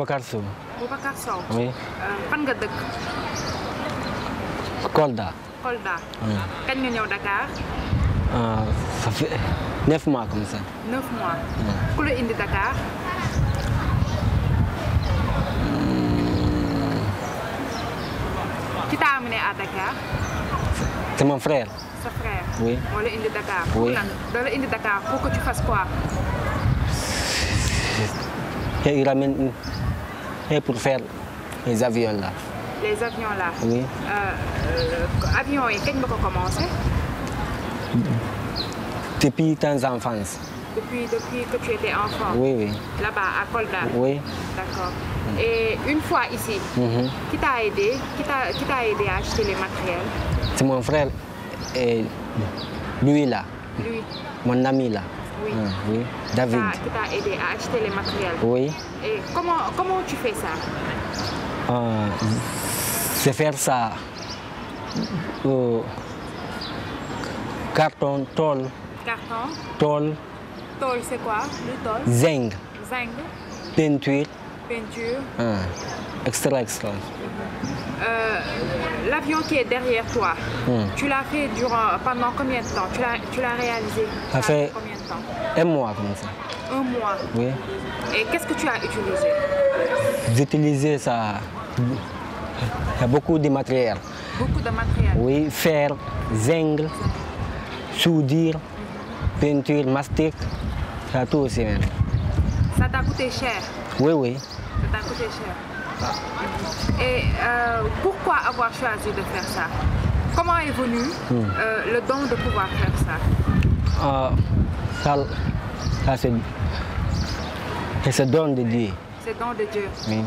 Boubacar Sow. Boubacar Sow. oui. fan nga dëkk. Kolda. kañ nga ñëw Dakar. Ah, neuf mois comme ça. neuf mois. ku la indi Dakar. qui hmm. t'a amené à Dakar. c'est mon frère. sa frère. oui moo la indi Dakar. oui doo la indi Dakar pour que tu fasses quoi. il Et pour faire les avions là. Les avions là Oui. Euh, euh, avion, et quand vous commencé Depuis ton enfance. Depuis, depuis que tu étais enfant Oui, oui. Là-bas, à Colda Oui. D'accord. Et une fois ici, mhm. qui t'a aidé Qui t'a aidé à acheter les matériels C'est mon frère, et lui là. Lui Mon ami là. Oui. Ah, oui. David. Qui t'a aidé à acheter les matériels. Oui. Et comment, comment tu fais ça euh, C'est faire ça. Euh, carton, tôle. Carton. Tôle. Tôle, c'est quoi Le tôle Zinc. Zinc. Peinture peinture. Ah. extra, extra. Euh, l'avion qui est derrière toi, hmm. tu l'as fait durant, pendant combien de temps Tu l'as réalisé Ça fait combien de temps Un mois comme ça. Un mois Oui. Et qu'est-ce que tu as utilisé J'ai utilisé ça, Il y a beaucoup de matériel. Beaucoup de matériel Oui, fer, zinc, soudure, peinture, mastic, ça tout aussi Ça t'a coûté cher Oui, oui. C'est cher. Et euh, pourquoi avoir choisi de faire ça Comment évolue euh, hmm. le don de pouvoir faire ça ah, Ça, ça c'est... C'est don de Dieu. C'est don de Dieu. Oui.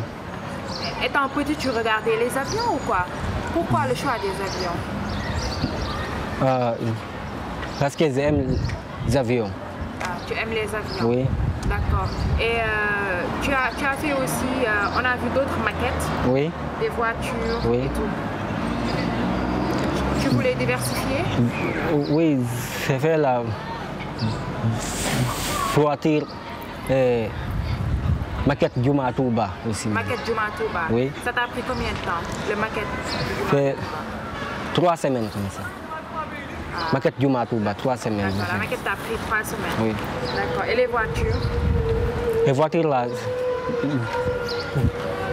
Étant petit, tu regardais les avions ou quoi Pourquoi le choix des avions ah, Parce qu'ils aiment les avions. Ah, tu aimes les avions Oui. D'accord. Et euh, tu, as, tu as fait aussi, euh, on a vu d'autres maquettes. Oui. Des voitures oui. et tout. Tu voulais diversifier mm. Oui, c'est fait la voiture et euh, maquette Juma Touba aussi. Maquette Juma Oui. Ça t'a pris combien de temps, le maquette Trois semaines comme ça. Maquette du Matouba, trois semaines. La maquette t'a pris trois semaines. Oui. Et les voitures Les voitures là,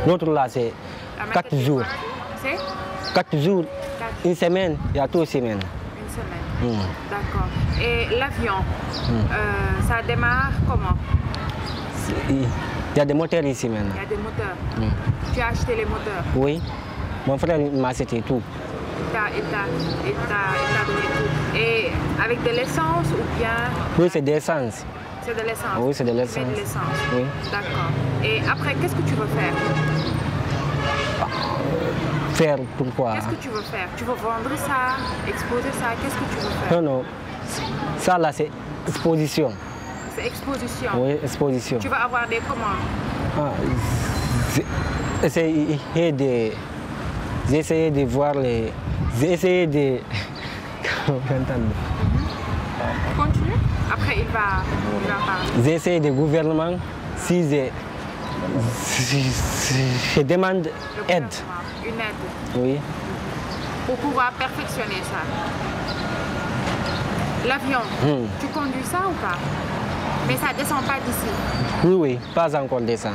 l'autre là c'est quatre jours. C'est Quatre jours, une semaine, il y a trois semaines. Une semaine. Mm. D'accord. Et l'avion, mm. euh, ça démarre comment Il y a des moteurs ici maintenant. Il y a des moteurs. Mm. Tu as acheté les moteurs Oui. Mon frère m'a acheté tout. Et avec de l'essence ou bien... Oui, c'est de l'essence. C'est de l'essence Oui, c'est de l'essence. C'est de Oui. D'accord. Et après, qu'est-ce que tu veux faire Faire pourquoi Qu'est-ce que tu veux faire Tu veux vendre ça, exposer ça Qu'est-ce que tu veux faire Non, non. Ça, là, c'est exposition. C'est exposition Oui, exposition. Tu vas avoir des commandes ah, J'essaie de voir les j'ai essayé de. Continue. Après, il va, il va J'ai essayé de gouvernement. Si Je demande aide. Une aide. Oui. Pour pouvoir perfectionner ça. L'avion, hmm. tu conduis ça ou pas Mais ça ne descend pas d'ici. Oui, oui, pas encore descend.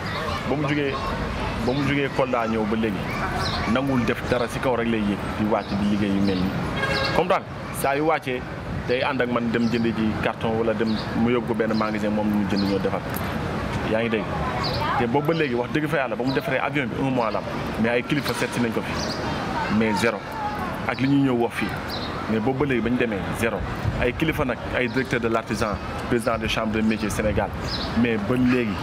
ba mu jógee ba mu jógee Kolda ñëw ba léegi nangu wul def dara si kaw rek lay yéeg di wàcc di liggéey yu mel nii comme daal saa yu wàccee day ànd ak man dem jënd ji carton wala dem mu yóbbu ko benn magasin moom mu jënd ñoo defar yaa ngi dégg te boobu ba léegi wax dëgg fa yàlla ba mu defaree avion bi un mois la mais ay kilifa seet si nañ ko fi mais zéro ak li ñuy ñëw wax fii mais boobu ba léegi ba ñu demee zéro ay kilifa nag ay directeur de l'artisan président de chambre de métier Sénégal mais ba léegi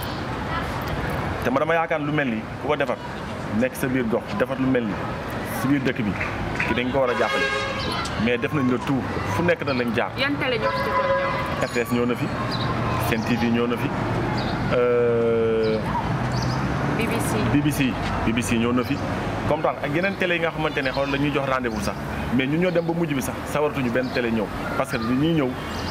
te ma dama yaakaar lu mel ni ku ko defar nekk sa biir dox defar lu mel ni si biir dëkk bi ki dañ ko war a jàppale mais def nañ la tout fu nekk na lañ jaar. yan ñoo ci ñëw. RTS ñëw na fi Sen TV ñëw na fi. Euh, BBC BBC BBC ñëw na fi. comprendre ak yeneen télé yi nga xamante ne xool la ñuy jox rendez-vous sax mais ñu ñoo dem ba mujj bi sax sawaratuñu benn tele ñëw parce que ñuy ñëw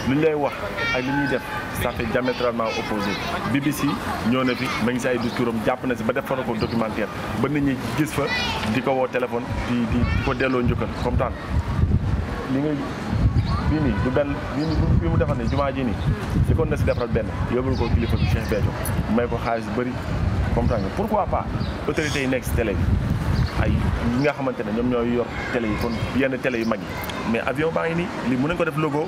li ñu lay wax ak li ñuy def ça fait diamétralement opposé BBC ñoo na fi ma ngi si ay discours am jàpp na si ba def fa ko documentaire ba nit ñi gis fa di ko téléphone di di ko delloo njukkal comme li nga bii nii du benn bii mu defal nii jumaa ji nii di kon na si defaral benn yóbbul ko kilifa bi Cheikh Béthio may ko xaalis bëri comprendre nga pourquoi pas autorités yi nekk si télé bi ay ñi nga xamante ne ñoom ñooy yor télé yi kon yenn télé yu mag yi mais avion baa ngi lii mën nañ ko def logo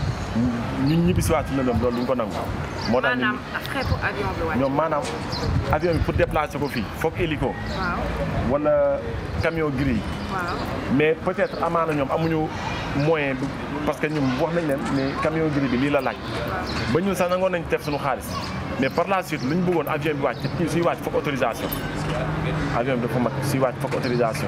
Nous ce que nous avion pour déplacer ko faut hélico. wala camion gris mais peut-être que nous amuñu moyen parce que nous avons nañ camion gris bi la mais par la suite nous avons avion bi autorisation. avion autorisation.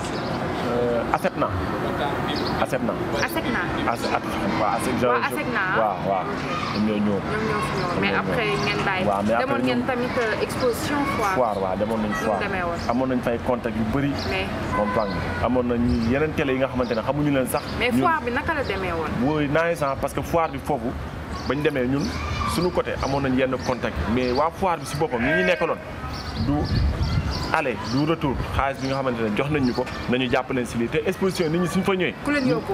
ASECNA. ASECNA. ASECNA. waaw ASECNA waaw waaw. ñoom ñoo ñëw. mais après ngeen bàyyi. waaw mais après demoon ngeen tamit euh, exposition foire. foire waaw demoon nañ foire amoon nañ fay contact yu bëri. mais comprendre amoon nañ yeneen télé yi nga xamante ne xamuñu leen sax. mais foire bi naka la demee woon. wóoy naaj sax parce que foire bi foofu bañ demee ñun suñu côté amoon nañ yenn contact mais waa foire bi si boppam ñi ñu nekkaloon du. ale du retour xaalis bi nga xamante ne jox nañ ñu ko nañu jàppaleen si lii te exposition nit ñi suñ fa ñëwee. ku leen yóbbu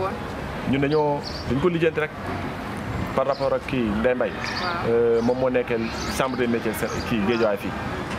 ñun dañoo dañ ko lijjanti rek par rapport ak kii Ndeye Mbaye euh, moom moo nekkee de des se kii Guédiawaye fii.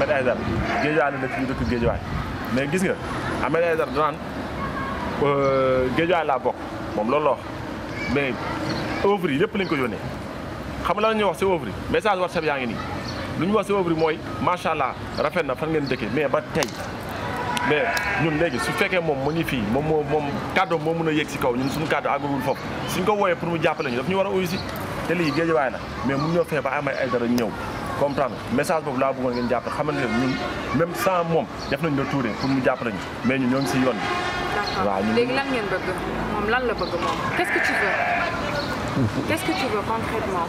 da Aïdara Géejawaay la dëkk ñu dëkk Géejawaay mais gis nga Ahmed Aïdara danaan euh, Géejawaay laa bokk moom loolu la wax mais œuvre lépp lañ ko yónnee xam nga la ñuy wax si œuvre yi message WhatsApp yaa ngi nii lu ñu wax si œuvre yi mooy macha allah rafet na fan ngeen dëkkee mais ba tey mais ñun léegi su fekkee moom mu ngi fi moom moo moom kàddoom moo mun a yéeg si kaw ñun suñu kàddu àggagul foofu suñ ko wooyee pour mu jàppale ñu daf ñu war a uyu si te lii Géejawaay la mais mu ñoo fee ba amay ay dara ñëw comprendre message ça la bëgg ngeen jàpp xamante ñun même sans mom def nañ la tuure pour mu japp ñu mais ñun ñong ci si yoon waaw légui lan ngeen bëgg mom lan la bëgg mom qu'est-ce que tu veux. qu'est-ce que tu veux concrètement.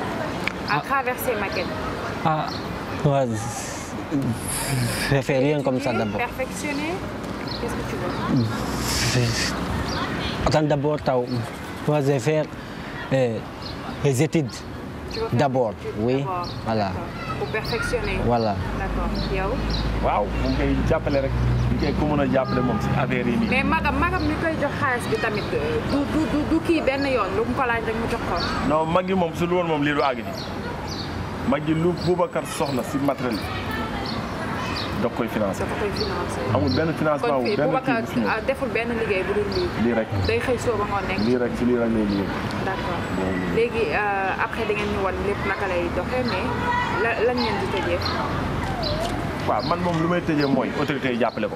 à travers ces maquettes. ah waaw je ah, fais rien comme ça d'abord. perfectionner qu'est-ce que tu veux. attends d'abord tu moi je faire des eh, études. D'abord, oui. Voilà. Pour perfectionner. Voilà. D'accord. yow. waaw mu ngi koy jàppale a jàppale moom si affaire yi nii. mais magam magam mi koy jox xaalis bi tamit euh, du du du kii benn yoon lu mu ko laaj rek mu jox ko. non mag yi moom su lu woon moom lii du àgg ji mag yi lu Boubacar soxla si matériel da koy financé da koy financé. amul benn financement amul benn kii bu euh après da ngeen ñu wan lépp naka lay doxee mais la lan ngeen di tëjee. waaw man mom lu may tëjee mooy autorité yi ko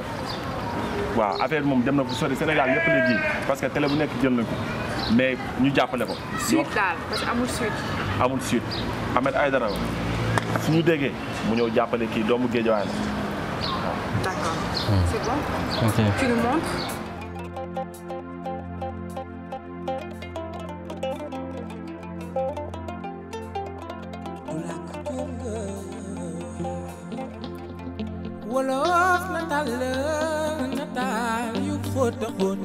waaw affaire mom dem na bu sori Sénégal yëpp la ji parce que télé bu nekk jël na ko mais ñu jàppale ko. suite daal parce que amul suite. amul suite Ahmed Aïdara su ñu déggee mu ñëw jàppale kii doomu géejawaay la d'accord. Hmm. c'est bon. ok tu le montres. foo taxoon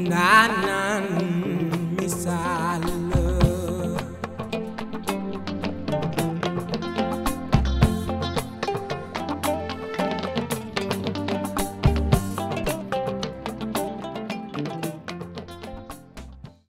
ndaanaan misaal